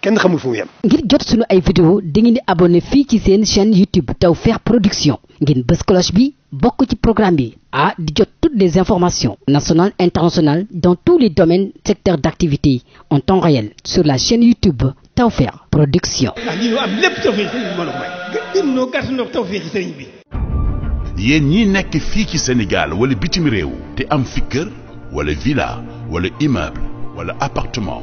kenn xamul fu ngir jot sunu ay vidéo dangeen di abonné fii ci seen chaîne YouTube Tawfekh Production ngeen bës cloche bi bokk ci programme bi ah di jot toutes les informations nationales internationales dans tous les domaines secteurs d'activité en temps réel sur la chaîne YouTube Tawfekh Production. ah lii am lépp tawfeex sëriñ bi ma la nekk fii ci Sénégal wala bitim réew te am fi wala villa wala immeuble wala appartement.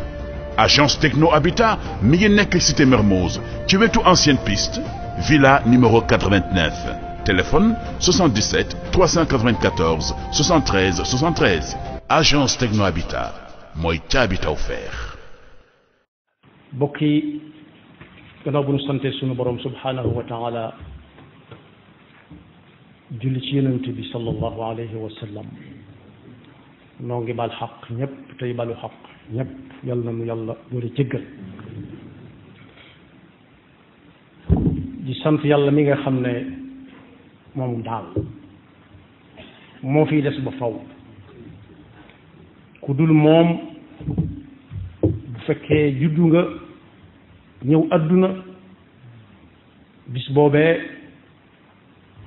agence techno habitat mi ngi nekk cité Mermoz ci wetu ancienne piste villa numéro 89 téléphone 77 394 73 73 agence techno habitat mooy ca Habitat offert. mbokk yi gannaaw bu ñu sante suñu borom subhanahu wa taala julli ci yonent bi sallallahu alayhi wa sallam noo ngi bal xaq ñëpp tey balu xaq. ñëpp yal na nu yàlla boole jëggal di sant yàlla mi nga xam ne moom daal moo fi des ba faw ku dul moom bu fekkee juddu nga ñëw àdduna bis boobee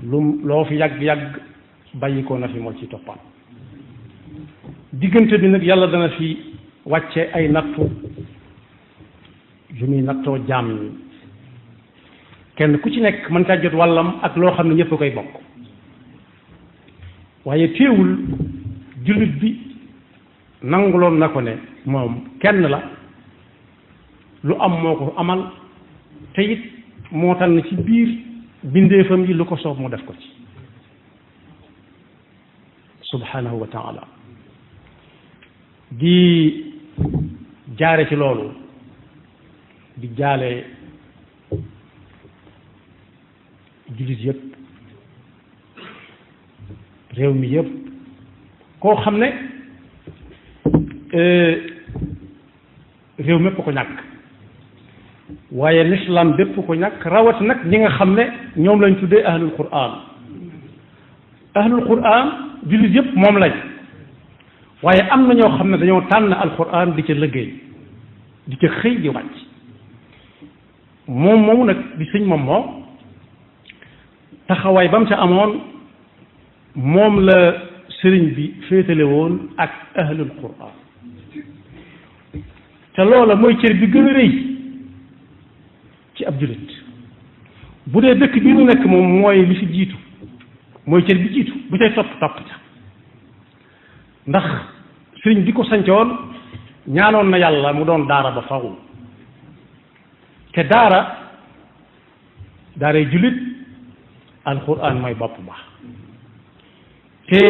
lu loo fi yàgg-yàgg bàyyi ko fi moo ci toppaan diggante bi nag yàlla dana fi wàcce ay nattu yu muy nattoo jaam ñi kenn ku ci nekk man caa jot wàllam ak loo xam ne ñëpp koy bokk waaye téewul jullit bi nanguloon na ko ne moom kenn la lu am moo ko amal te it moo tànn ci biir bindeefam yi lu ko soob mu def ko ci subhanahu wa di jaare ci loolu di jaale jullit yëpp réew mi yëpp koo xam ne euh, réew mépp ko ñàkk waaye l'islam bépp ko ñàkk rawat nag ñi nga xam ne ñoom lañ tuddee ahlul quran ahlul quran jullit yëpp moom lañ waaye am na ñoo xam ne dañoo tànn alquran di ca liggéey di ca xëy di wàcc moom moom taxawaay ba mu amoon moom la sëriñ bi féetale woon ak ahlul quran te loola mooy cër bi gën a rëy ci ab jullit bu dee dëkk bi ñu nekk moom mooy li fi jiitu mooy cër bi jiitu bu cay topp topp ca ndax sëriñ bi ko sancoon ñaanoon na yàlla mu doon daara ba faw te daara daaray jullit alxuraan mooy bopp ba te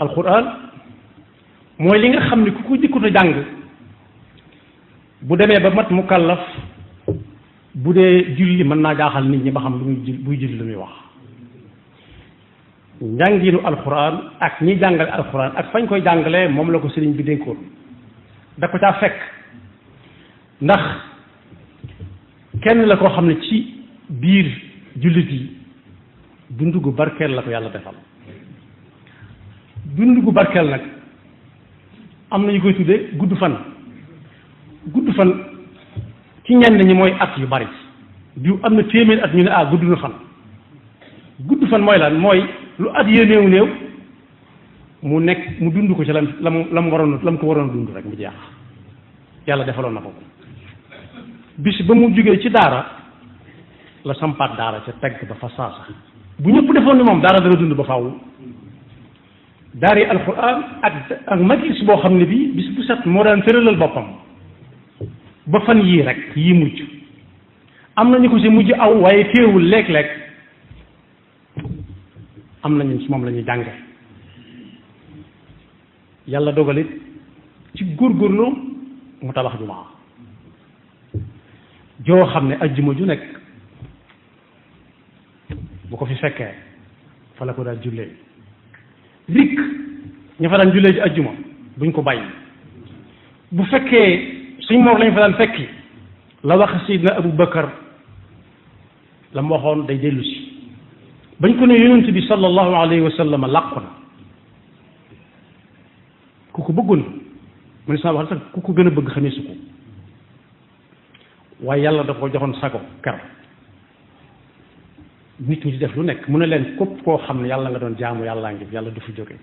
alxuraan mooy li nga xam ne ku ko jikko te jàng bu demee ba mat mu kallaf bu dee julli mën naa jaaxal nit ñi ba xam lu muy buy julli lu muy wax njàngiinu alxuraan ak ñi jàngale alxuraan ak fañ koy jàngale moom la ko sëriñ bi dénkoon da ko caa fekk ndax kenn la koo xam ne ci biir jullit yi dund gu barkeel la ko yàlla defal dund gu barkeel nag am na ñu koy tuddee gudd fan gudd fan ci ñenn ñi mooy at yu bari diw am na téeméer at ñu ne ah gudd na fan gudd fan mooy lan mooy lu at yee néew néew mu nekk mu dund ko ci mu la mu waroon lam ko waroon dund rek mu jeex yàlla defaloon na ko bis ba mu jógee ci daara la sampaat daara ca teg ba fa bu ñëpp defoon ni moom daara dana dund ba faaw daari alquran ak ak boo xam ne bi bis bu set moo daan tëralal boppam ba fan yii rek yii mujj am na ñu ko si mujj aw waaye téewul léeg-léeg am nañu ci moom lañuy ñuy jànge yàlla dogalit ci góorgóorlu mu tabax jumaa joo xam ne ajjuma ju nekk bu ko fi fekkee fa la ko daan jullee rikk ñu fa daan jullee ji ajjuma buñ ko bàyyi bu fekkee suñ moor lañ fa daan fekki la wax Seydina Abou Bakar la mu waxoon day dellu bañ ko ne yonent bi sallallahu alayhi wa làqu na ku ko bëggoon mu ne saa wax sax ku ko gën a bëgg xamee ko waaye yàlla dafa ko joxoon sago kar nit ñi di def lu nekk mu ne leen képp koo xam ne yàlla nga doon jaamu yàllaa ngi yàlla du fi jóge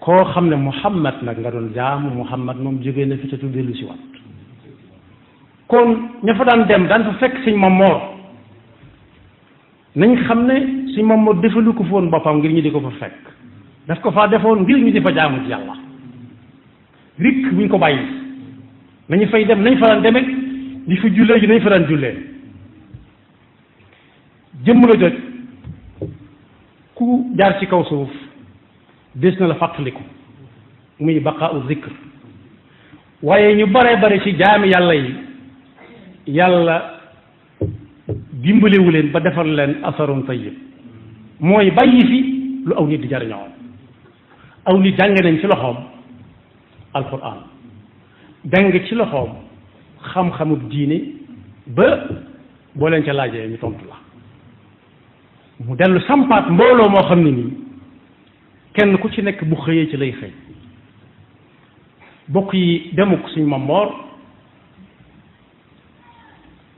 koo xam ne Muhammad nag nga doon jaamu Muhammad moom jógee na fi te du dellu si waat kon ña fa daan dem daan fa fekk sëñ ma moor nañ xam ne suñ moom moo defalu ko foon boppam ngir ñu di ko fa fekk daf ko fa defoon ngir ñu di fa jaamu ci yàlla rikk buñ ko bàyyi nañu fay dem nañ fa daan demek di fa jullee ji nañ fa jullee jëmm la joj ku jaar ci kaw suuf des na la fàttaliku muy baqaa u zikr waaye ñu bare bare ci jaami yàlla yi yàlla dimbalewu leen ba defar leen asarun tayyib mooy bàyyi fi lu aw nit di jariñoo aw nit jàng nañ ci loxoom alquran jàng ci loxoom xam-xamub diine ba boo leen ca laajee ñu tontu la mu dellu sampaat mbooloo moo xam ne nii kenn ku ci nekk bu xëyee ci lay xëy bokk yi demuk suñ ma moor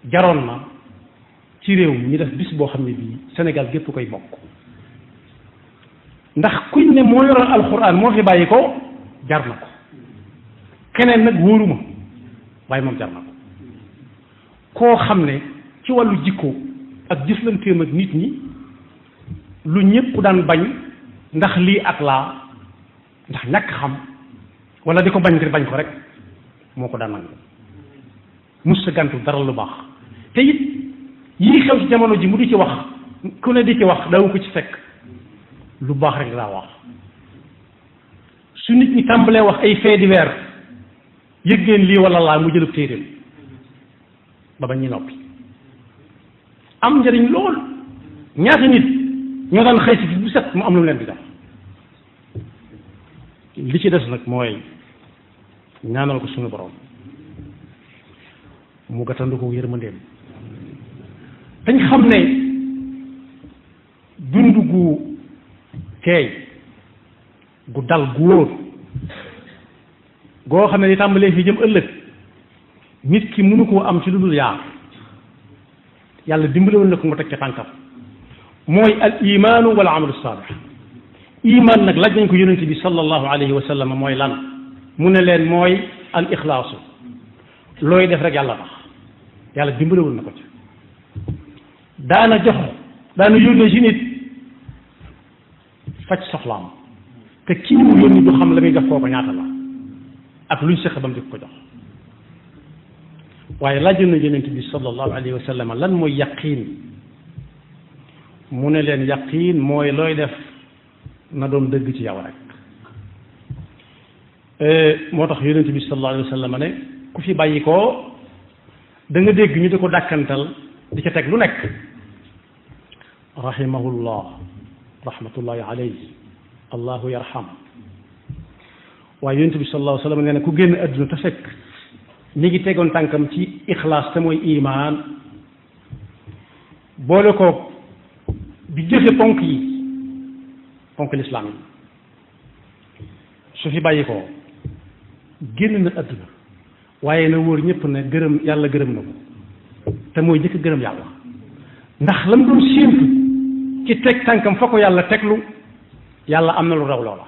jaroon na ci réew mi ñu def bis boo xam ne bii Sénégal gépp koy bokk ndax kuñ ne moo yoroon alxuraan moo fi bàyyi ko jar na ko keneen nag wóoruma waaye moom jar na ko koo xam ne ci wàllu jikko ak jëflanteem ak nit ñi lu ñëpp daan bañ ndax lii ak laa ndax ñàkk xam wala di ko bañ ngir bañ ko rek moo ko daan nangu mus sa gàntu dara lu baax te yii xew ci jamono ji mu di ci wax ku ne di ci wax daawu ko ci fekk lu baax rek laa wax su nit ñi tàmbalee wax ay faits weer yëg ngeen lii walla laa mu jëlub téeréem ba ba ñu noppi am njëriñ lool ñaata nit ñoo daan xëy si bu set mu am lu mu leen di def li ci des nag mooy ñaanal ko suñu borom mu gàttandu ko yërmandeem dañ xam ne dund gu gu dal gu goo xam ne di tàmbalee fi jëm ëllëg nit ki mënu koo am ci lu dul yaar yàlla dimbalewoon na ko mu teg ca tànkam mooy al imaanu wal amalu saalih nag laaj ko yonente bi sallallahu alayhi wa sallam mooy lan mu ne leen mooy al ixlaasu looy def rek yàlla tax yàlla dimbalewoon na ko ci daana joxe daana yónnee ci nit faj soxlaam te kii mu yónni du xam la muy def kooku ñaata la ak luñ seq ba mu di ko jox waaye laajoon na yonent bi sallallahu alayhi wa lan mooy yaqiin mu ne leen yaqiin mooy looy def na doon dëgg ci yow rek eh, moo tax yonent bi sallallahu alayhi wa sallam ne ku fi bàyyi ko da dégg ñu di ko dàkkantal di ca teg lu nekk rahimahullah rahmatullahi alayhi allahu yarham waaye yonent bi sallallahu alayhi wa sallam nee na ku génn adduna te fekk mi ngi tegoon tànkam ci ixlaas te mooy imaan boole ko di jëfe ponk yi ponk lislaam yi su fi bàyyi ko génn na adduna waaye na wóor ñëpp ne gërëm yàlla gërëm na ko te mooy jëkk gërëm yàlla ndax lam doon séentu ci teg tànkam fa ko yàlla teglu yàlla am na lu raw loola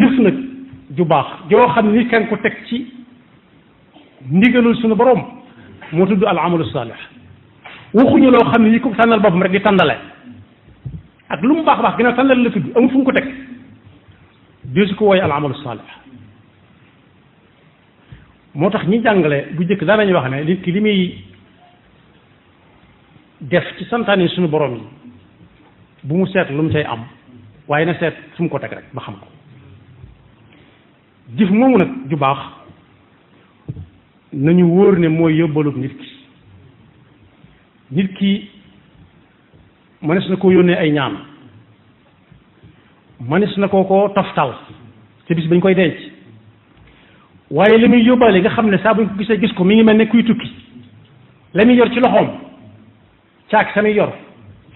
jëf nag ju baax joo xam ni kan ko teg ci ndigalul suñu borom moo tudd al amalu saalih waxuñu loo xam ne yi ko tànnal boppam rek di tàndale ak lu mu baax baax ginnaaw tàndale la tudd amul fu mu ko teg dee su ko wooye al amalu saalih moo tax ñi jàngale bu njëkk daan nañu wax ne nit ki li muy def ci santaane suñu borom yi bu mu seet lu mu cay am waaye na seet fu mu ko teg rek ba xam ko jëf moomu nag ju baax nañu wóor ne mooy yóbbalub nit ki nit ki mënees na koo yónnee ay ñaam mënees na koo ko toftal ci bis bañ koy denc waaye li muy yóbbaale nga xam ne saa buñ ko gisee gis ko mi ngi mel ne kuy tukki la muy yor ci loxoom caak samay yor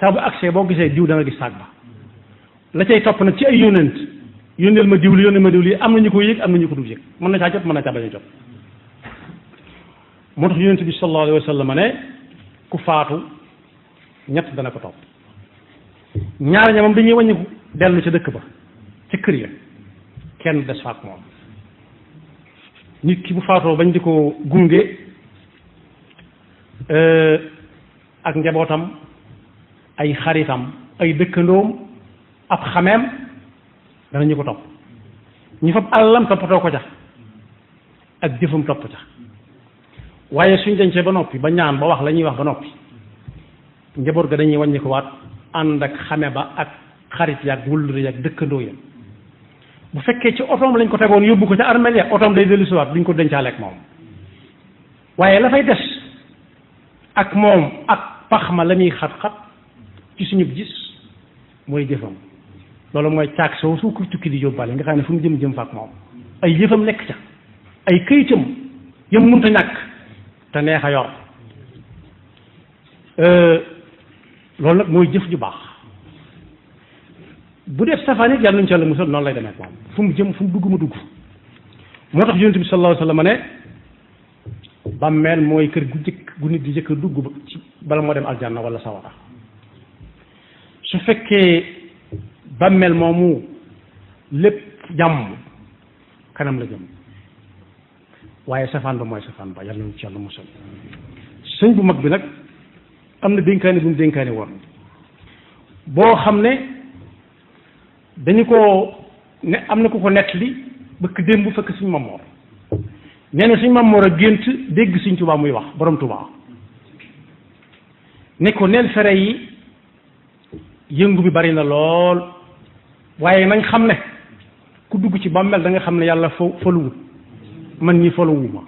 saa bu agsee boo gisee diw da nga gis saag ba la cay topp nag ci ay yónent yónneel ma diwli yónneel ma diwli am na ñu ko yëg am na ñu ko du yëg mën na caa jot mën na caa bañ a jot moo tax yónent bi sallallahu alayhi wa ku faatu ñett dana ko topp ñaar ña dañuy wàññiku dellu ca dëkk ba ca kër ya kenn des faak moom nit ki bu faatoo bañ di ko gunge euh, ak njabootam ay xaritam ay dëkkandoom ab xameem danañu ko topp ñu fab alalam toppatoo ko ca ak jëfam topp ca waaye suñ dencee ba noppi ba ñaan ba wax la ñuy wax ba noppi njaboot ga dañuy wàññi waat ànd ak xame ba ak xarit yaag wëllëre dëkkandoo ya bu fekkee ci otoom lañ ko tegoon yóbbu ko ca armeel ya otoom day dellu siwaat duñ ko dencaaleeg moom waaye la fay des ak moom ak pax ma la muy xat-xat ci suñu gis mooy jëfam loolu mooy caag soo su ko tukki di yóbbaale nga xam ne fu mu jëm jëm fa ak moom ay jëfam nekk ca ay këyitam yëm munta ñàkk te neex a yor euh, loolu nag mooy jëf ju baax bu def safaan it yàlla nañu ci yàlla musal noonu lay demee moom fu mu jëm fu mu dugg mu dugg moo tax yonent bi sallallahu alayhi mooy kër gu gu nit di jëkk a dugg moo dem aljanna wala sawara su fekkee bàmmeel moomu lépp jàmm kanam la jëm waaye safaan ba mooy safaan ba yàlla nañu ci yàlla musal sëñ bu mag bi nag am na dénkaane bu mu woon boo xam ne dañu ko ne am na ku ko nettali bëkk démb fekk suñ mamoor nee na suñ mamoor a gént dégg suñ tubaa muy wax borom tubaa ne ko neel fere yi yëngu bi bari na lool waaye nañ xam ne ku dugg ci bam da nga xam ne yàlla fo faluwut man ñi faluwuma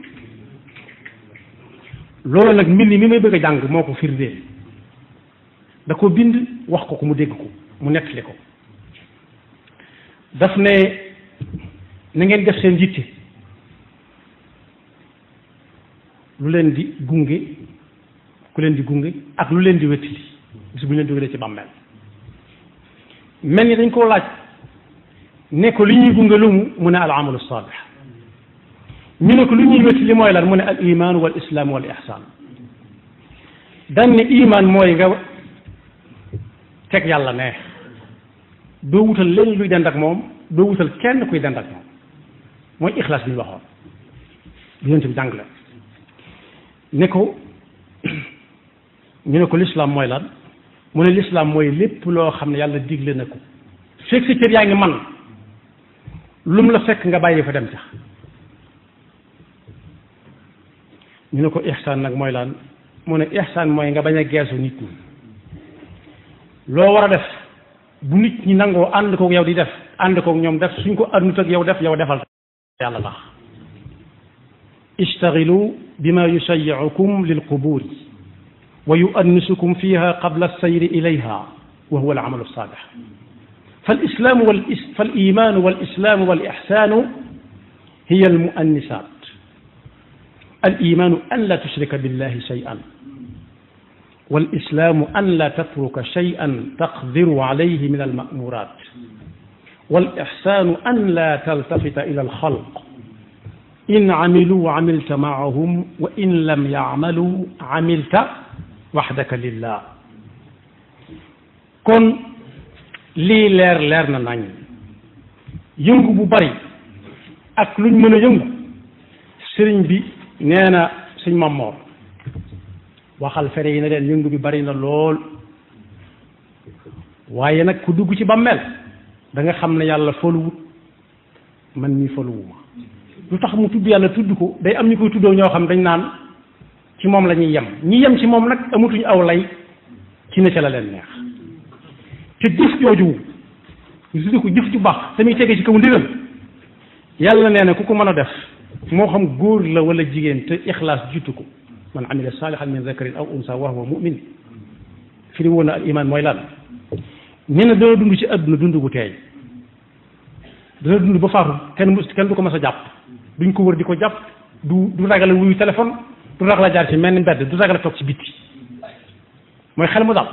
loolu nag mbind mi may bëgg a jàng moo ko firndeel da ko bind wax ko ko mu dégg ko mu nettali ko daf ne na ngeen def seen yitte lu leen di gunge ku leen di gunge ak lu leen di wéttili bis bu ñu leen dugalee ci bàmmeel mel ni dañ koo laaj ne ko li ñuy gunge lu mu mu ne al amalu saalih ñu ne ko lu ñuy wéttili mooy lan mu ne al iman wal islam wal ihsan dañ ne iman mooy nga teg yàlla ne doo wutal leen luy dend ak moom doo wutal kenn kuy dend ak moom mooy ixlaas bi ñu waxoon bi yonent bi jàngale ne ko ñu ne ko lislaam mooy lan mu ne lislaam mooy lépp loo xam ne yàlla digle na ko fekk sa cër yaa ngi man lu mu la fekk nga bàyyi fa dem sax ñu ne ko ihsaan nag mooy lan mu ne ihsaan mooy nga bañ a geesu nit ñi loo war a def bu nit ñi nangoo ànd kook yow di def ànd kook ñoom def suñ ko àndut ak yow def yow defal yàlla tax ishtagilu bima yusayicukum lilquburi wa yuannisukum fiha qabla alsayri ilayha wa huwa alamalu alsaalix فالإسلام والإس... فالإيمان والإسلام والإحسان هي المؤنسات الإيمان أن لا تشرك بالله شيئا wal islaamu an laa tatruka shay'an taqdiru alayhi min al ma'muuraat wal ixsaanu an laa taltafita ila al xalq in amilu amilta maahum wa in lam yaamalu amilta waxdaka lillah kon lii leer leer na nañ yëngu bu bari ak luñ mën a yëngu sëriñ bi nee na sëñ Mamoor waxal fere yi na leen yëngu bi bari na lool waaye nag ku dugg ci bàmmeel da nga xam ne yàlla faluwut man mii faluwuma lu tax mu tudd yàlla tudd ko day am ñu koy tuddoo ñoo xam dañ naan ci moom la ñuy yem ñi yem ci moom nag amatuñu aw lay ci ne ca la leen neex te jëf jooju ñu tudd ko jëf ju baax tamit tege ci kaw ndigal yàlla nee na ku ko mën a def moo xam góor la wala jigéen te ixlaas jiitu ko man amila saalihan min zakarin aw unsa wa huwa mu'min firi woon na al mooy lan nee na dund ci àdduna dund gu teey dana dund ba faatu kenn mus kenn du ko mës a jàpp duñ ko wër di ko jàpp du du ragal wuyu téléphone du ragal jaar ci mel ni mbedd du ragal toog ci bitti mooy xel mu dal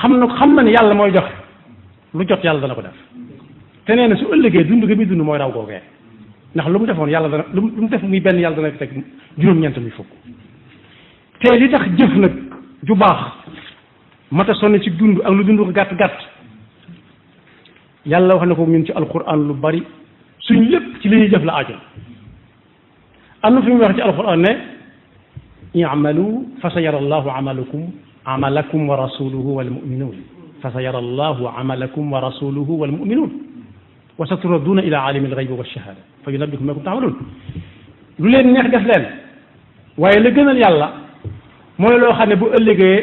xam na xam na ne yàlla mooy joxe lu jot yàlla dana ko def te nee su ëllëgee dund ga muy dund mooy raw googee ndax lu mu defoon yàlla dana lu mu def muy benn yàlla dana fi teg juróom-ñeent muy fukk mata sonn ci dund ak lu dund ko gàtt gàtt wax na ko ñun ci alquran lu bari suñ lépp ci li ñuy jëf la aajo am na fi mu wax ci alquran ne i'malu fa sa yara allahu amalakum amalakum wa rasuluhu wal muminuun fa sa yara allahu amalakum wa rasuluhu wal muminuun wa sa turadduuna ila alimi alxaybi wa shahada fa yunabbi'ukum bimaa kuntum ta'maluun lu leen neex def leen waaye la gënal yàlla mooy loo xam ne bu ëllëgee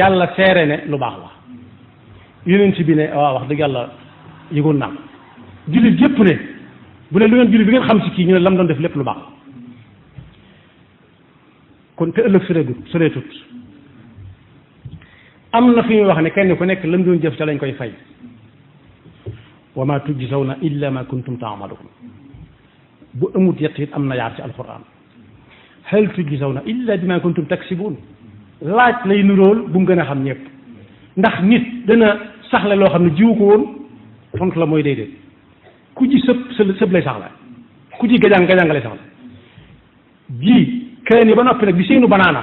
yàlla seere ne lu baax la yeneen ci bi ne waaw wax dëgg yàlla yëgoon naa jullit yëpp ne bu ne lu ngeen jullit bi ngeen xam ci kii ñu ne lam doon def lépp lu baax kon te ëllëg soreetut soreetut am na fi ñuy wax ne kenn ku nekk lam doon jëf ca lañ koy fay wa ma tujzawna illa ma kuntum taamaluun bu amut yett it am na yaar ci na alquran hal tujzawna illa bima si taksibun laaj lay nuróol bu mu gën a xam ñëpp ndax nit dana saxle loo xam ne jiwu ko woon tontu la mooy déedéet ku ji sëb sëb lay saxla ku ji gajang gajang lay saxla ji keneen yi ba noppi nag di seenu banaana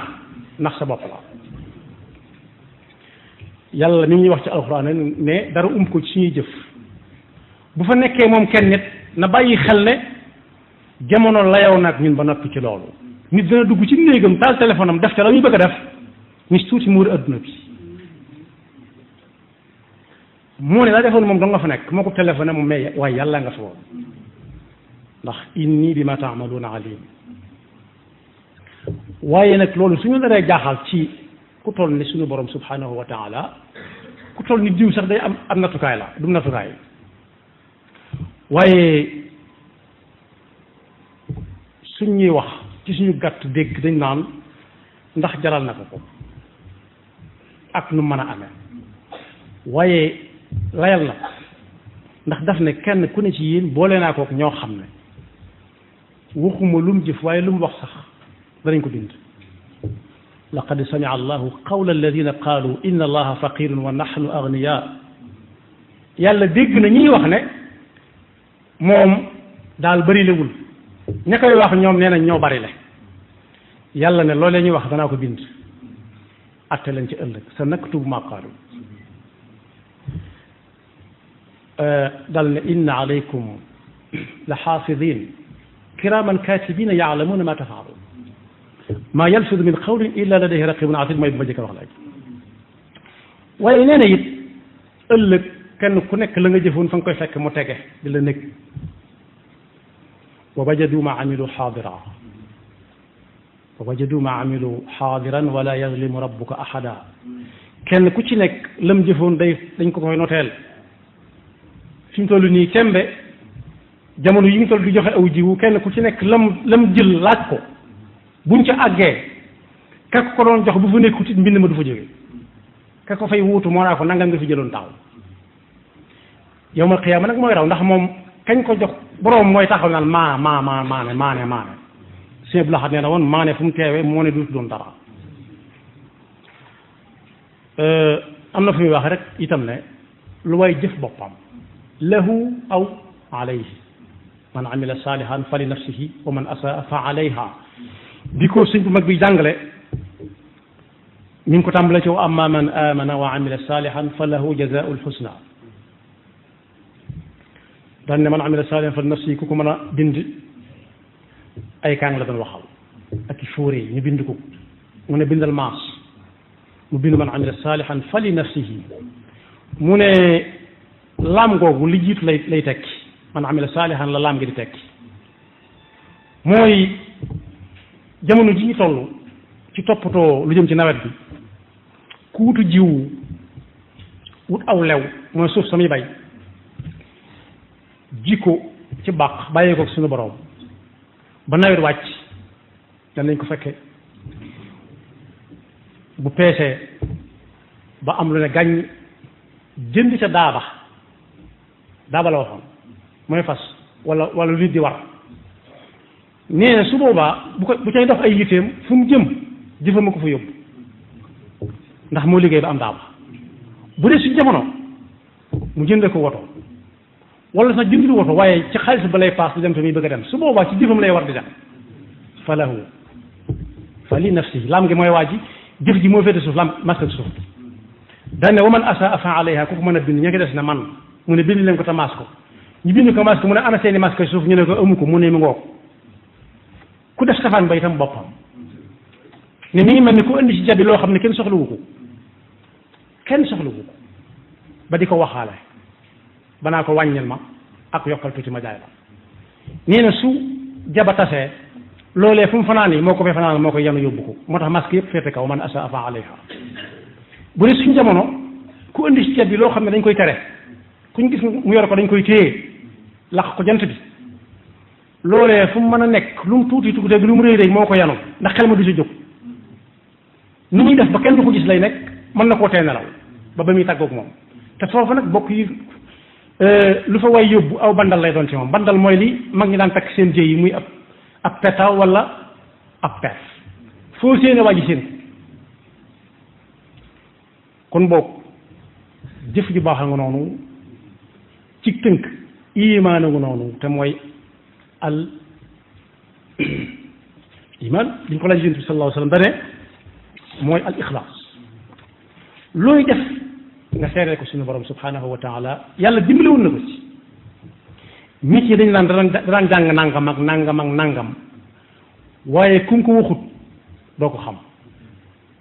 ndax sa bopp la yàlla ni ñuy wax ci alxuraan ne dara um ko ci suñuy jëf bu fa nekkee moom kenn nit na bàyyi xel ne jamono layow nag ñun ba noppi ci loolu nit dana dugg ci néegam taal téléphone am def ca la ñu bëgg a def ñu tuuti muur adduna bi moo ne laa defoon moom dong nga fa nekk moo ko téléphoné moom may waaye yàlla nga fa woon ndax inni bi ma taamaluuna alim waaye nag loolu suñu daree jaaxal ci ku toll ni suñu borom subhanahu wa taala ku toll ni diw sax day am am nattukaay la du nattukaay waaye suñ ñuy wax ci suñu gàtt dégg dañ naan ndax jaral na ko ko ak nu mën a amee waaye layal na ndax daf ne kenn ku ne ci yéen boole naa kook ñoo xam ne waxuma lu mu jëf waaye lu mu wax sax danañ ko bind laqad samia allahu qawla alladina qaalu inna allaha faqirun wa nahnu agniya yàlla dégg na ñiy wax ne moom daal bëri lewul ña koy wax ñoom nee nañ ñoo bari le yàlla ne loolee ñuy wax danaa ko bind atte leen ci ëllëg sa naktubu maa dal ne inna alaykum la xaafidin kiraman katibina yaalamuuna ma tafaaluun maa yalfidu min qawlin illa ladayhi raqibun atid mooy bi ma jëkk wax léegi waaye nee na it kenn ku nekk la nga jëfoon fa nga koy fekk mu tege di la nekk wa wajadu ma amilu xaadira wa wajadu ma amilu xaadiran wala yazlimu rabbuka ahada kenn ku ci nekk lam jëfoon day dañ ko koy noteel fi mu toll nii tembe jamono yi mu toll di joxe aw jiwu kenn ku ci nekk lam lam jël laaj ko buñ ca àggee kak ko doon jox bu fa nekkut it mbind ma du fa jóge kak ko fay wuutu moo naa ko nangam nga fi jëloon taaw yowmal qiyaama nag mooy raw ndax moom kañ ko jox borom mooy taxaw naan maa maa maa maane maane maane sëñ bi la xam ne woon maane fu mu teewee moo ne duutu doon dara euh, am na fu muy wax rek itam ne lu way jëf boppam lahu aw alayhi man amila saalihan fa li nafsihi wa man asaa fa alayha di ko sëñ bu mag bi jàngale ñu ngi ko tàmbale ci wa amma man amana wa amila saalihan fa lahu jazaa'ul husna daan ne man amila saalihan fa nafsi ku ko mën a bind ay kaang la doon waxal ak fóoree ñu bind ko mu ne bindal maas mu bind man amila saalihan fa li nafsihi mu ne laam googu li lay lay tekki man amila saalihan la laam gi di tekki mooy jamono ji ñu toll ci toppatoo lu jëm ci nawet bi ku wutu jiwu wut aw lew mooy suuf samay bay jikko ci baq bàyyee ko suñu borom ba nawet wàcc danañ ko fekke bu peesee ba am lu ne gàññ jënd ca daaba daaba la waxoon mooy fas wala wala lu nit di war nee su boobaa bu ko bu cay dox ay yiteem fu mu jëm jëfam ko fa yóbbu ndax moo liggéey ba am daaba bu dee suñ jamono mu jënde ko woto wala sax jëndul woto waaye ci xaalis ba lay paas di dem tamit bëgg a dem su boobaa ci jëfam lay war di dem falahu fa li nafsihi laam gi mooy waa ji jëf ji moo féete suuf laam masal suuf daan ne wa man asaa fa alayha ku ko mën a bind ña ko des na man mu ne bind leen ko tamaas ko ñu bind ko masque mu ne ana seeni masque suuf ñu ne ko amu ko mu ne mu ngoog ku def safaan bay itam boppam ne mi ngi mel ni ku indi ci jabi loo xam ne kenn soxlawu ko kenn soxlawu ko ba di ko waxaale banaa ko wàññil ma ak yokkal tuuti ma jaay la nee su jaba tasee loolee fu mu fanaan yi moo ko fay fanaan moo koy yenu yóbbu ko moo tax masque yëpp féete kaw man asa afa alayha bu dee suñ jamono ku indi ci ceeb bi loo xam ne dañ koy tere kuñ gis dañ koy téye laq ko jant bi loolee fu mën a nekk lu mu tuuti tuuti bi lu mu rëy moo ko yenu ndax xel ma du si jóg nu muy def ba kenn du ko gis lay nekk mën na koo tee nelaw ba ba muy tàggoog moom te foofu nag bokk yi lu fa way yóbbu aw bandal lay doon ci moom bandal mooy li mag ngi daan takk seen jëy yi muy ab ab peta wala ab pet foo séene waa ji séen kon boog jëf ju baax a nga noonu ci tënk imaan a nga noonu te mooy al iman li ñu ko laaj yonent bi sallallahu alayhi dane mooy al ixlaas looy def nga seeree ko suñu borom subhanahu wa taala yàlla dimbalewul na ko ci nit yi dañu daan daan jàng nangam ak nangam ak nangam waaye ku ko waxut doo ko xam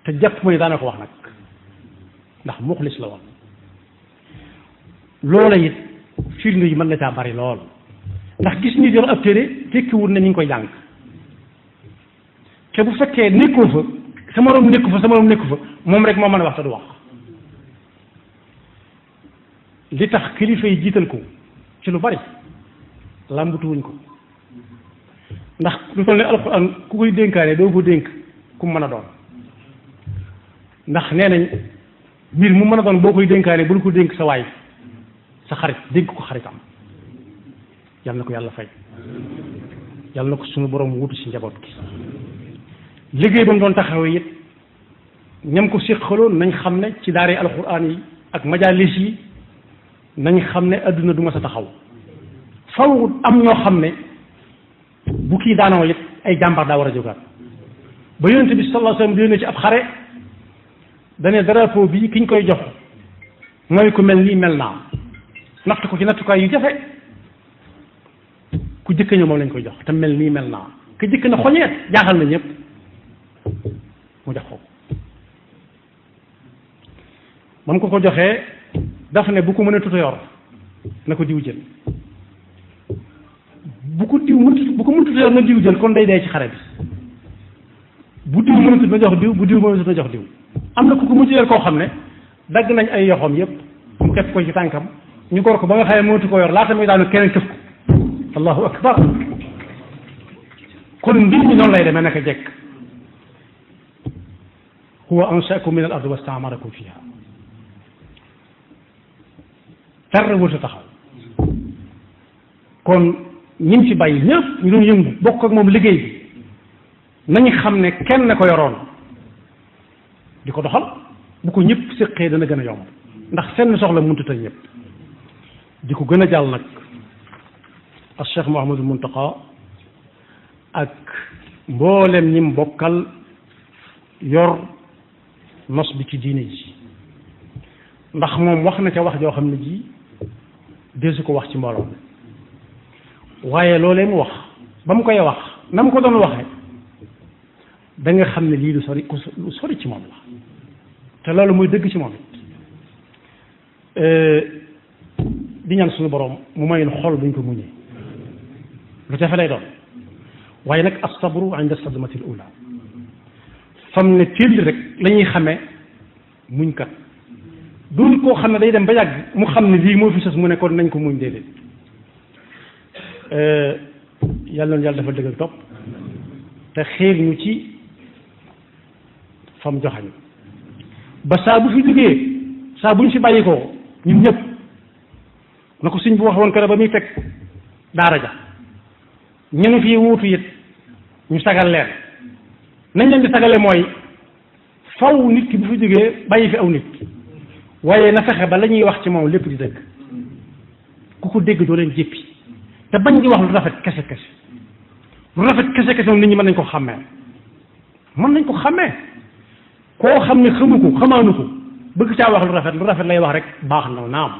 te jàpp ma ne ko wax nag ndax muxlis la loolu loola it firnde yi man na caa bari lool ndax gis nit yor ab téere tekkiwul na ñu ngi koy jàng te bu fekkee nekkoo fa sa morom nekku fa sa morom nekku fa moom rek moo man a wax te du wax li tax kilifa yi jiital ko ci lu bari làmbutuwuñ ko ndax lu toll ne alxuraan ku koy dénkaane doo ko dénk ku mën a doon ndax nee nañ mbir mu mën a doon boo koy dénkaane bul ko dénk sa waay sa xarit dénk ko xaritam yal na ko yàlla fay yal na ko suñu borom wutu ci njaboot gi liggéey ba mu doon taxawee it ñam ko séqaloon nañ xam ne ci daaree alxuraan yi ak majalis yi nañ xam ne àdduna du ma sa taxaw faw am ñoo xam ne bu kii daanoo it ay jàmbaar daa war a jógaat ba yonente bi sallallahu alayhi wasallam di yónnee ci ab xare dane drapeau bii ki ñu koy jox mooy ku mel nii mel naa natt ko ci nattukaay yu jafe ku jëkk ñëw moom lañ koy jox te mel nii mel naa ku jëkk na xoñeet na ñëpp mu jox ko ba ko ko joxee daf ne bu ko mën a tuta yor na ko diw jël bu ko diw mënut bu yor na diw jël kon day dee ci xare bi bu diw mënut na jox diw bu diw mënut na jox diw am na ku ko mujj yor koo xam ne dagg nañ ay yoxoom yëpp mu kepp ko ci tànkam ñu gor ko ba nga xamee mënatu ko yor laata muy daanu keneen këf ko allahu akbar kon mbir mi noonu lay demee naka jekk huwa anshaakum min al ardi wastaamarakum fiha dara wër sa taxaw kon ñim fi bàyyi ñëpp ñu doon yëngu bokk ak moom liggéey bi nañu xam ne kenn ko yoroon di ko doxal bu ko ñëpp séqee dana gën a yomb ndax seen soxla mënut a ñëpp di ko gën a jàll nag ak Cheikh Mouhamadou Mountakha ak mboolem ñim bokkal yor nos bi ci diine ji ndax moom wax na ca wax joo xam ne ji deesu ko wax ci mbooloo mi waaye loolee mu wax ba mu koy wax na mu ko doon waxee da nga xam ne lii lu sori lu sori ci moom la te loolu muy dëgg ci moom it euh, di ñaan suñu boroom mu mayul xol buñ ko muñee lu jafe lay doon waaye nag asabru inda sadmatil ula fam ne téel rek la ñuy muñ kat doon koo xam ne day dem ba yàgg mu xam ne lii moo fi sës mu ne kon nañ ko muñ déedéet euh, yàlla noonu yàlla dafa dëggal topp te xeer ñu ci fam joxañ ba saa bu fi jógee saa buñ fi bàyyi ko ñun ñëpp na ko suñ bu wax woon ko ba muy fekk daara ja ñenu fii wuutu it ñu sagal nañ leen sagale mooy faw nit ki bu fi jógee bàyyi fi aw nit waaye na fexe ba la ñuy wax ci moom lépp di dëgg ku ko dégg doo leen jéppi te bañ di wax lu rafet kese kese lu rafet kese kese moom nit ñi mën nañ ko xàmmee mën nañ ko xàmmee koo xam ne xamu ko xamaanu ko bëgg caa wax lu rafet lu rafet lay wax rek baax na naam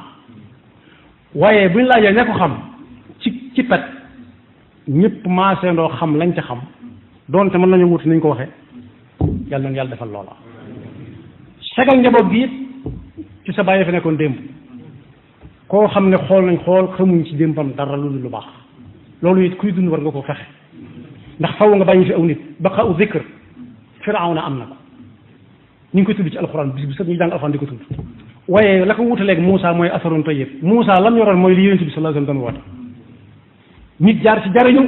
waaye buñ laajee ña ko xam ci ci pet ñëpp maaseendoo xam lañ ca xam doonte mën nañu wuti niñ ko waxee yàlla na yàlla defal loola segal njaboot gi it ci sa bàyyi fi nekkoon démb koo xam ne xool nañ xool xamuñ ci démbam dara lu lu baax loolu it kuy dund war nga ko fexe ndax faw nga bàyyi fi aw nit baqa u zikr firawna am na ko ñu ngi koy tudd ci alxuraan bis bu set ñu jàng alxuraan di ko tudd waaye la ko wutaleeg Moussa mooy asaroon tayyib Moussa lam yoroon mooy li yonent bi sallallahu alayhi wa sallam doon woote nit jaar ci jariñu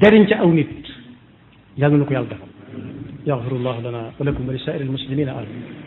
jariñ ca aw nit yàlla na ko yàlla defal yaxfirullahu lana wa lakum wa i saa'iril muslimina amin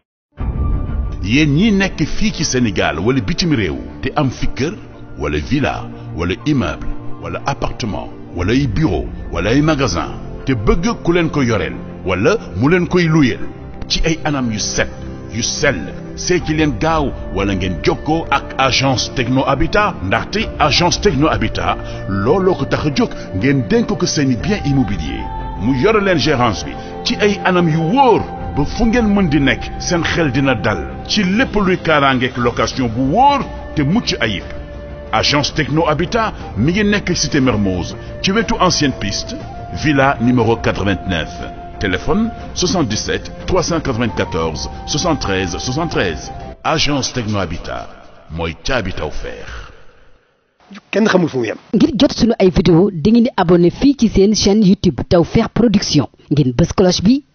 yéen ñi nekk fii ci Sénégal wala bitim réew te am fi kër wala villa wala immeuble wala appartement wala ay bureau wala ay magasin te bëgg ku leen ko yoreel wala mu leen koy luyeel ci ay anam yu set yu sel see ci leen gaaw wala ngeen jokkoo ak agence techno habitat ndaxte agence techno habitat looloo ko tax a jóg ngeen dénk ko seen bien immobilier mu yore leen gérance bi ci ay anam yu wóor ba fu ngeen mën di nekk seen xel dina dal ci lépp luy kaaraangeek location bu wóor te mucc ayib agence techno habitat mi ngi nekk cité Mermoz ci wetu ancienne piste villa numéro 89 téléphone 77 394 73 73 agence techno habitat mooy caabi Tawfekh kenn xamul fu mu yem. ngir jot sunu ay vidéo dangeen di abonné fii ci seen chaîne YouTube Tawfekh Production ngeen bës cloche bi.